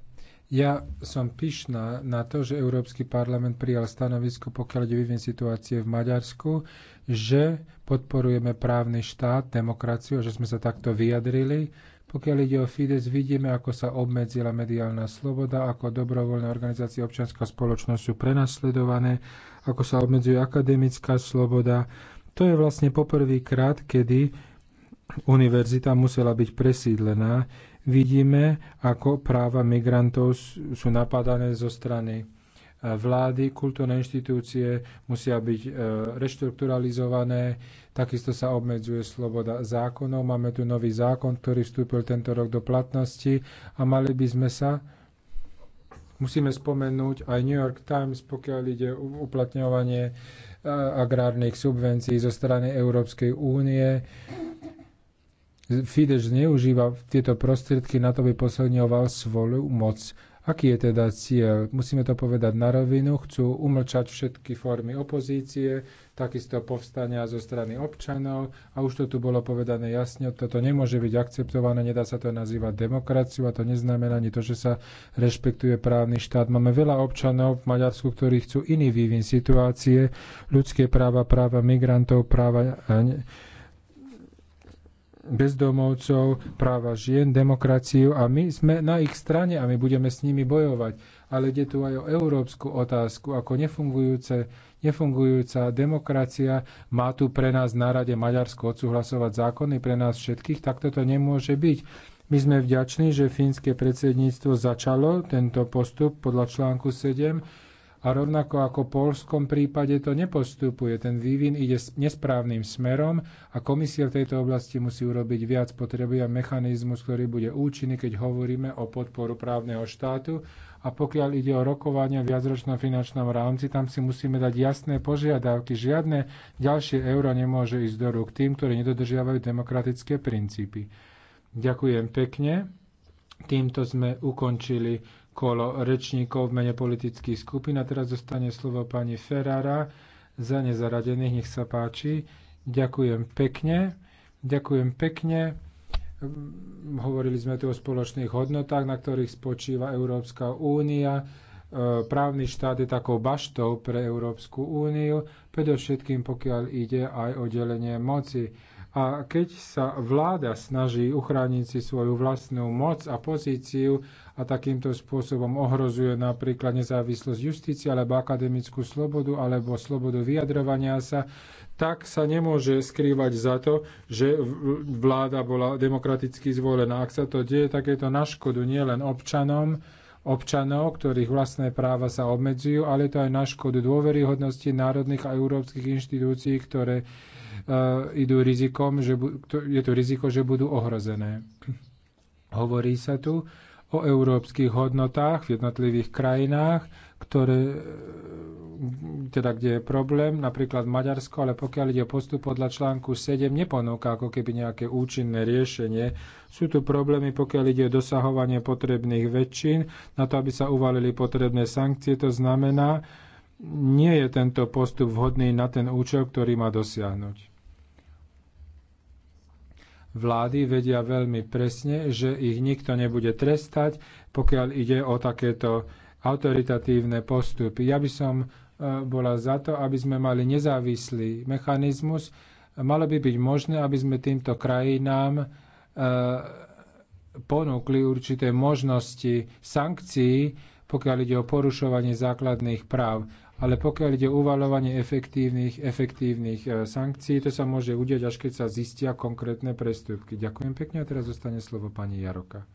Ja som pyšná na to, že Európsky parlament prijal stanovisko, pokiaľ ide vyvin situácie v Maďarsku, že podporujeme právny štát, demokraciu, že sme sa takto vyjadrili. Pokiaľ ide o Fides, vidíme, ako sa obmedzila mediálna sloboda, ako dobrovoľné organizácie občianská spoločnosť sú prenasledované, ako sa obmedzuje akademická sloboda. To je vlastne poprvýkrát, kedy univerzita musela byť presídlená. Vidíme, ako práva migrantov sú napadané zo strany e, vlády, kultúrne inštitúcie musia byť e, reštrukturalizované, takisto sa obmedzuje sloboda zákonov. Máme tu nový zákon, ktorý vstúpil tento rok do platnosti a mali by sme sa Musíme spomenúť aj New York Times, pokiaľ ide o uplatňovanie e, agrárnych subvencií zo strany Európskej únie. Fidesz zneužíva tieto prostriedky na to, aby posilňoval svoju moc. Aký je teda cieľ? Musíme to povedať na rovinu. Chcú umlčať všetky formy opozície, takisto povstania zo strany občanov. A už to tu bolo povedané jasne, toto nemôže byť akceptované, nedá sa to nazývať demokraciu a to neznamená ani to, že sa rešpektuje právny štát. Máme veľa občanov v Maďarsku, ktorí chcú iný vývin situácie, ľudské práva, práva migrantov, práva bezdomovcov, práva žien, demokraciu a my sme na ich strane a my budeme s nimi bojovať. Ale ide tu aj o európsku otázku, ako nefungujúce, nefungujúca demokracia má tu pre nás na rade Maďarsko odsúhlasovať zákony pre nás všetkých, tak toto nemôže byť. My sme vďační, že fínske predsedníctvo začalo tento postup podľa článku 7 a rovnako ako v polskom prípade to nepostupuje. Ten vývin ide nesprávnym smerom a komisia v tejto oblasti musí urobiť viac. Potrebuje mechanizmus, ktorý bude účinný, keď hovoríme o podporu právneho štátu. A pokiaľ ide o rokovania v viacročnom finančnom rámci, tam si musíme dať jasné požiadavky. Žiadne ďalšie euro nemôže ísť do rúk tým, ktorí nedodržiavajú demokratické princípy. Ďakujem pekne. Týmto sme ukončili kolo rečníkov v mene politických skupín. A teraz dostane slovo pani Ferrara za nezaradených. Nech sa páči. Ďakujem pekne. Ďakujem pekne. Hovorili sme tu o spoločných hodnotách, na ktorých spočíva Európska únia. E, právny štát je takou baštou pre Európsku úniu, predovšetkým pokiaľ ide aj o delenie moci a keď sa vláda snaží uchrániť si svoju vlastnú moc a pozíciu a takýmto spôsobom ohrozuje napríklad nezávislosť justície alebo akademickú slobodu alebo slobodu vyjadrovania sa, tak sa nemôže skrývať za to, že vláda bola demokraticky zvolená. Ak sa to deje, tak je to na škodu nielen občanom, občanov, ktorých vlastné práva sa obmedzujú, ale je to aj na škodu dôveryhodnosti národných a európskych inštitúcií, ktoré uh, idú rizikom, že bu- je to riziko, že budú ohrozené. Hovorí sa tu o európskych hodnotách v jednotlivých krajinách, ktoré, e, teda kde je problém, napríklad Maďarsko, ale pokiaľ ide o postup podľa článku 7, neponúka ako keby nejaké účinné riešenie. Sú tu problémy, pokiaľ ide o dosahovanie potrebných väčšín, na to, aby sa uvalili potrebné sankcie. To znamená, nie je tento postup vhodný na ten účel, ktorý má dosiahnuť. Vlády vedia veľmi presne, že ich nikto nebude trestať, pokiaľ ide o takéto autoritatívne postupy. Ja by som e, bola za to, aby sme mali nezávislý mechanizmus. Malo by byť možné, aby sme týmto krajinám e, ponúkli určité možnosti sankcií, pokiaľ ide o porušovanie základných práv. Ale pokiaľ ide o uvalovanie efektívnych, efektívnych e, sankcií, to sa môže udiať, až keď sa zistia konkrétne prestupky. Ďakujem pekne a teraz zostane slovo pani Jaroka.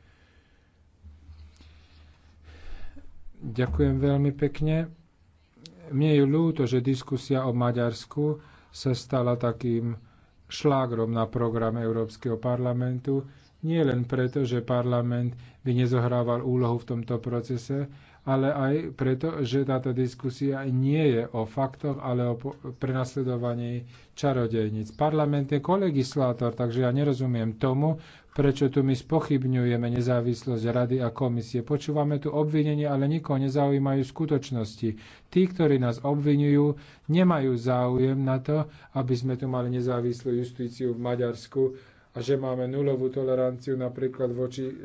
Ďakujem veľmi pekne. Mne je ľúto, že diskusia o Maďarsku sa stala takým šlágrom na program Európskeho parlamentu, nie len preto, že parlament by nezohrával úlohu v tomto procese, ale aj preto, že táto diskusia nie je o faktoch, ale o prenasledovaní čarodejníc. Parlament je kolegislátor, takže ja nerozumiem tomu, prečo tu my spochybňujeme nezávislosť rady a komisie. Počúvame tu obvinenie, ale nikoho nezaujímajú skutočnosti. Tí, ktorí nás obvinujú, nemajú záujem na to, aby sme tu mali nezávislú justíciu v Maďarsku a že máme nulovú toleranciu napríklad voči e,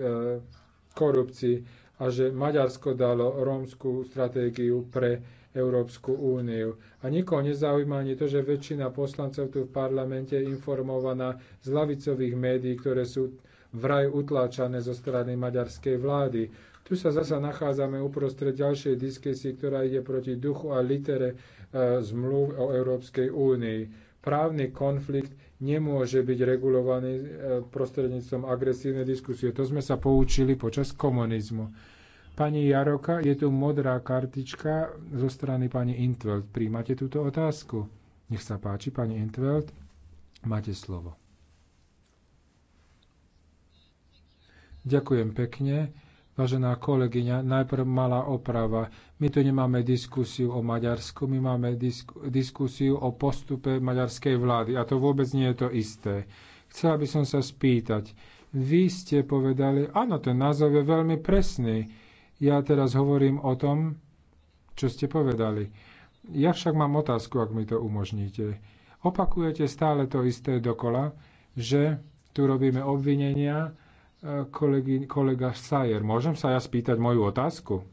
korupcii a že Maďarsko dalo rómskú stratégiu pre Európsku úniu. A nikoho nezaujíma ani to, že väčšina poslancov tu v parlamente je informovaná z lavicových médií, ktoré sú vraj utláčané zo strany maďarskej vlády. Tu sa zasa nachádzame uprostred ďalšej diskusie, ktorá ide proti duchu a litere e, zmluv o Európskej únii. Právny konflikt nemôže byť regulovaný e, prostredníctvom agresívnej diskusie. To sme sa poučili počas komunizmu. Pani Jaroka, je tu modrá kartička zo strany pani Intveld. Príjmate túto otázku? Nech sa páči, pani Intveld, máte slovo. Ďakujem pekne. Vážená kolegyňa, najprv malá oprava. My tu nemáme diskusiu o Maďarsku, my máme disku, diskusiu o postupe maďarskej vlády a to vôbec nie je to isté. Chcela by som sa spýtať, vy ste povedali, áno, ten názov je veľmi presný. Ja teraz hovorím o tom, čo ste povedali. Ja však mám otázku, ak mi to umožníte. Opakujete stále to isté dokola, že tu robíme obvinenia, kolegy, kolega Sajer. Môžem sa ja spýtať moju otázku?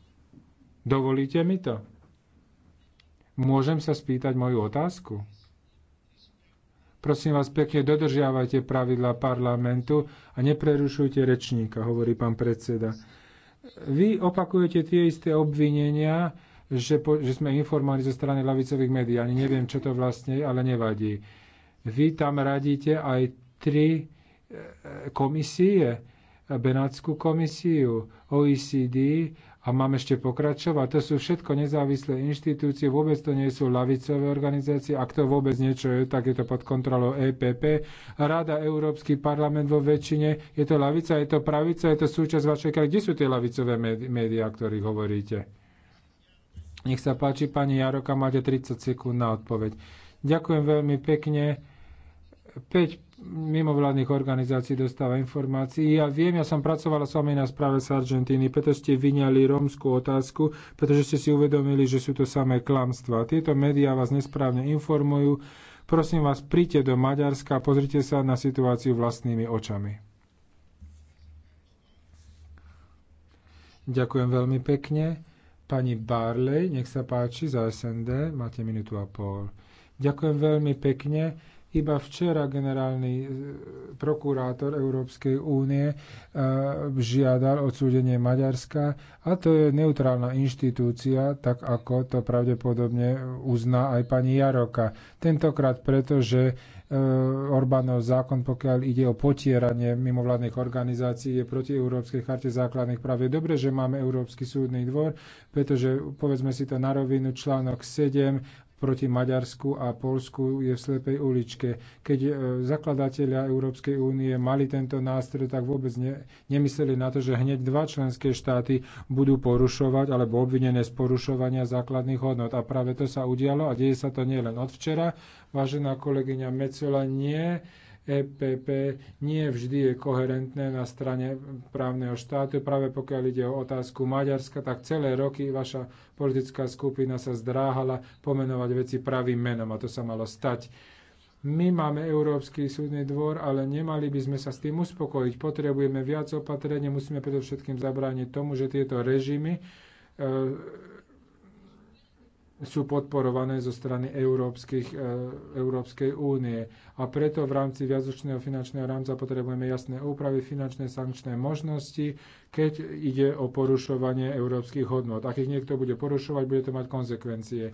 Dovolíte mi to? Môžem sa spýtať moju otázku? Prosím vás pekne, dodržiavajte pravidla parlamentu a neprerušujte rečníka, hovorí pán predseda. Vy opakujete tie isté obvinenia, že, po, že sme informovali zo strany lavicových médií. Ani neviem, čo to vlastne je, ale nevadí. Vy tam radíte aj tri e, e, komisie, Benátskú komisiu, OECD a mám ešte pokračovať. To sú všetko nezávislé inštitúcie, vôbec to nie sú lavicové organizácie. Ak to vôbec niečo je, tak je to pod kontrolou EPP. Rada, Európsky parlament vo väčšine, je to lavica, je to pravica, je to súčasť vašej krajiny. Kde sú tie lavicové médiá, o ktorých hovoríte? Nech sa páči, pani Jaroka, máte 30 sekúnd na odpoveď. Ďakujem veľmi pekne. 5 mimovládnych organizácií dostáva informácií. Ja viem, ja som pracovala s vami na správe z Argentíny, preto ste vyňali rómskú otázku, pretože ste si uvedomili, že sú to samé klamstvá. Tieto médiá vás nesprávne informujú. Prosím vás, príďte do Maďarska a pozrite sa na situáciu vlastnými očami. Ďakujem veľmi pekne. Pani Barley, nech sa páči za SND, máte minútu a pol. Ďakujem veľmi pekne. Iba včera generálny e, prokurátor Európskej únie e, žiadal odsúdenie Maďarska a to je neutrálna inštitúcia, tak ako to pravdepodobne uzná aj pani Jaroka. Tentokrát preto, že e, Orbánov zákon, pokiaľ ide o potieranie mimovládnych organizácií, je proti Európskej charte základných práv. Je dobre, že máme Európsky súdny dvor, pretože povedzme si to na rovinu, článok 7 proti Maďarsku a Polsku je v slepej uličke. Keď e, zakladatelia Európskej únie mali tento nástroj, tak vôbec ne, nemysleli na to, že hneď dva členské štáty budú porušovať alebo obvinené z porušovania základných hodnot. A práve to sa udialo a deje sa to nielen od včera. Vážená kolegyňa Mecola, nie EPP nie vždy je koherentné na strane právneho štátu. Práve pokiaľ ide o otázku Maďarska, tak celé roky vaša politická skupina sa zdráhala pomenovať veci pravým menom a to sa malo stať. My máme Európsky súdny dvor, ale nemali by sme sa s tým uspokojiť. Potrebujeme viac opatrenia, musíme predovšetkým zabrániť tomu, že tieto režimy e, sú podporované zo strany Európskych, e, Európskej únie. A preto v rámci viazočného finančného rámca potrebujeme jasné úpravy, finančné sankčné možnosti, keď ide o porušovanie európskych hodnot. Ak ich niekto bude porušovať, bude to mať konsekvencie.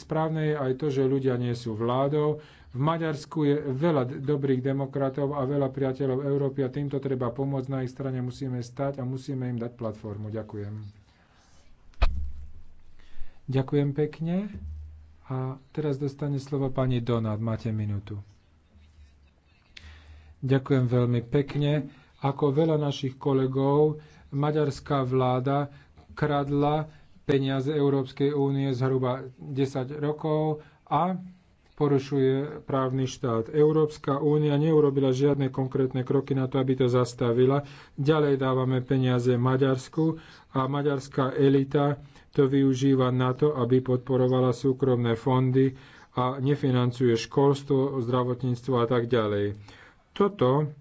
Správne je aj to, že ľudia nie sú vládou. V Maďarsku je veľa dobrých demokratov a veľa priateľov Európy a týmto treba pomôcť. Na ich strane musíme stať a musíme im dať platformu. Ďakujem. Ďakujem pekne. A teraz dostane slovo pani Donát. Máte minútu. Ďakujem veľmi pekne. Ako veľa našich kolegov, maďarská vláda kradla peniaze Európskej únie zhruba 10 rokov a porušuje právny štát. Európska únia neurobila žiadne konkrétne kroky na to, aby to zastavila. Ďalej dávame peniaze Maďarsku a maďarská elita to využíva na to, aby podporovala súkromné fondy a nefinancuje školstvo, zdravotníctvo a tak ďalej. Toto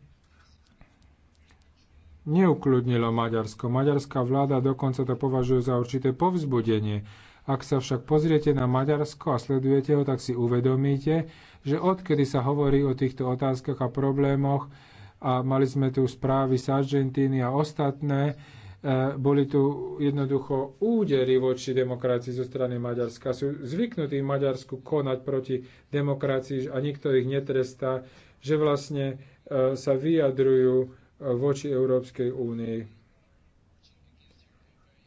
neukludnilo Maďarsko. Maďarská vláda dokonca to považuje za určité povzbudenie. Ak sa však pozriete na Maďarsko a sledujete ho, tak si uvedomíte, že odkedy sa hovorí o týchto otázkach a problémoch, a mali sme tu správy z Argentíny a ostatné, E, boli tu jednoducho údery voči demokracii zo strany Maďarska. Sú zvyknutí v Maďarsku konať proti demokracii a nikto ich netrestá, že vlastne e, sa vyjadrujú e, voči Európskej únii.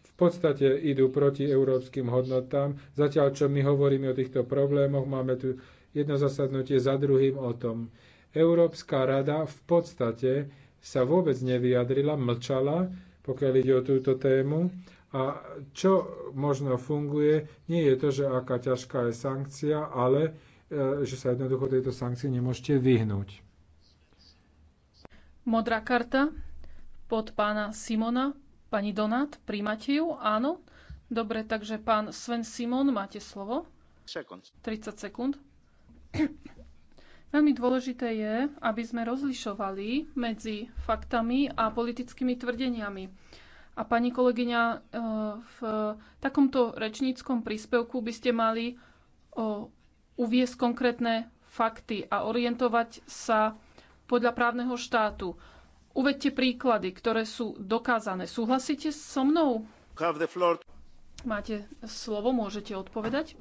V podstate idú proti európskym hodnotám, zatiaľ čo my hovoríme o týchto problémoch, máme tu jedno zasadnutie za druhým o tom. Európska rada v podstate sa vôbec nevyjadrila, mlčala pokiaľ ide o túto tému. A čo možno funguje, nie je to, že aká ťažká je sankcia, ale e, že sa jednoducho tejto sankcie nemôžete vyhnúť. Modrá karta pod pána Simona. Pani Donát, príjmate ju? Áno. Dobre, takže pán Sven Simon, máte slovo. 30 sekúnd. Veľmi dôležité je, aby sme rozlišovali medzi faktami a politickými tvrdeniami. A pani kolegyňa, e, v takomto rečníckom príspevku by ste mali e, uviesť konkrétne fakty a orientovať sa podľa právneho štátu. Uvedte príklady, ktoré sú dokázané. Súhlasíte so mnou? Máte slovo, môžete odpovedať.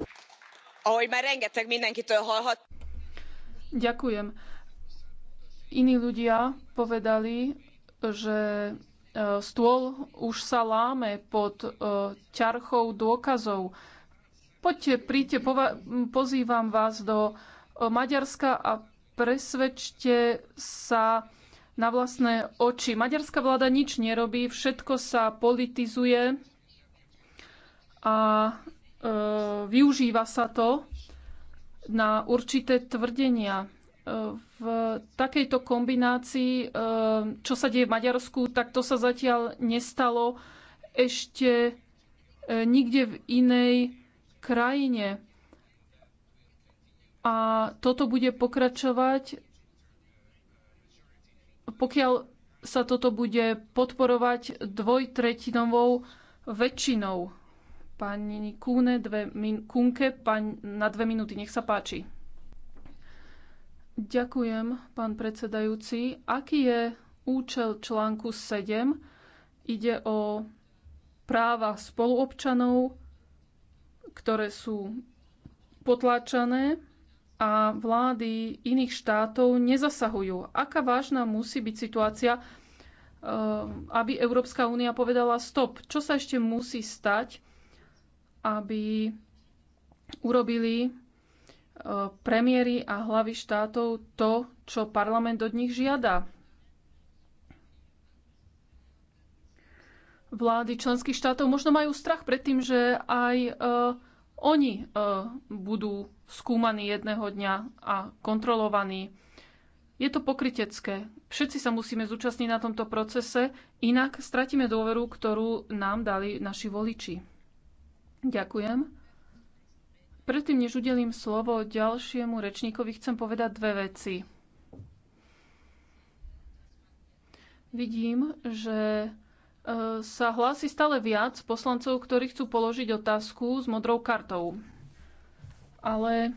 hallhat, Ďakujem. Iní ľudia povedali, že e, stôl už sa láme pod e, ťarchou dôkazov. Poďte, príďte, pozývam vás do e, Maďarska a presvedčte sa na vlastné oči. Maďarská vláda nič nerobí, všetko sa politizuje a e, využíva sa to na určité tvrdenia. E, v takejto kombinácii, e, čo sa deje v Maďarsku, tak to sa zatiaľ nestalo ešte e, nikde v inej krajine. A toto bude pokračovať, pokiaľ sa toto bude podporovať dvojtretinovou väčšinou. Pani Kune dve min- Kunke pan- na dve minúty. Nech sa páči. Ďakujem, pán predsedajúci. Aký je účel článku 7? Ide o práva spoluobčanov, ktoré sú potláčané a vlády iných štátov nezasahujú. Aká vážna musí byť situácia, eh, aby Európska únia povedala stop? Čo sa ešte musí stať, aby urobili e, premiéry a hlavy štátov to, čo parlament od nich žiada. Vlády členských štátov možno majú strach pred tým, že aj e, oni e, budú skúmaní jedného dňa a kontrolovaní. Je to pokrytecké. Všetci sa musíme zúčastniť na tomto procese, inak stratíme dôveru, ktorú nám dali naši voliči. Ďakujem. Predtým, než udelím slovo ďalšiemu rečníkovi, chcem povedať dve veci. Vidím, že e, sa hlási stále viac poslancov, ktorí chcú položiť otázku s modrou kartou. Ale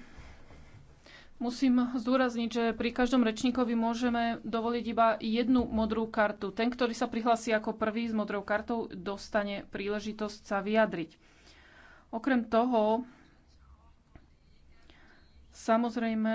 musím zdôrazniť, že pri každom rečníkovi môžeme dovoliť iba jednu modrú kartu. Ten, ktorý sa prihlási ako prvý s modrou kartou, dostane príležitosť sa vyjadriť. Okrem toho, samozrejme,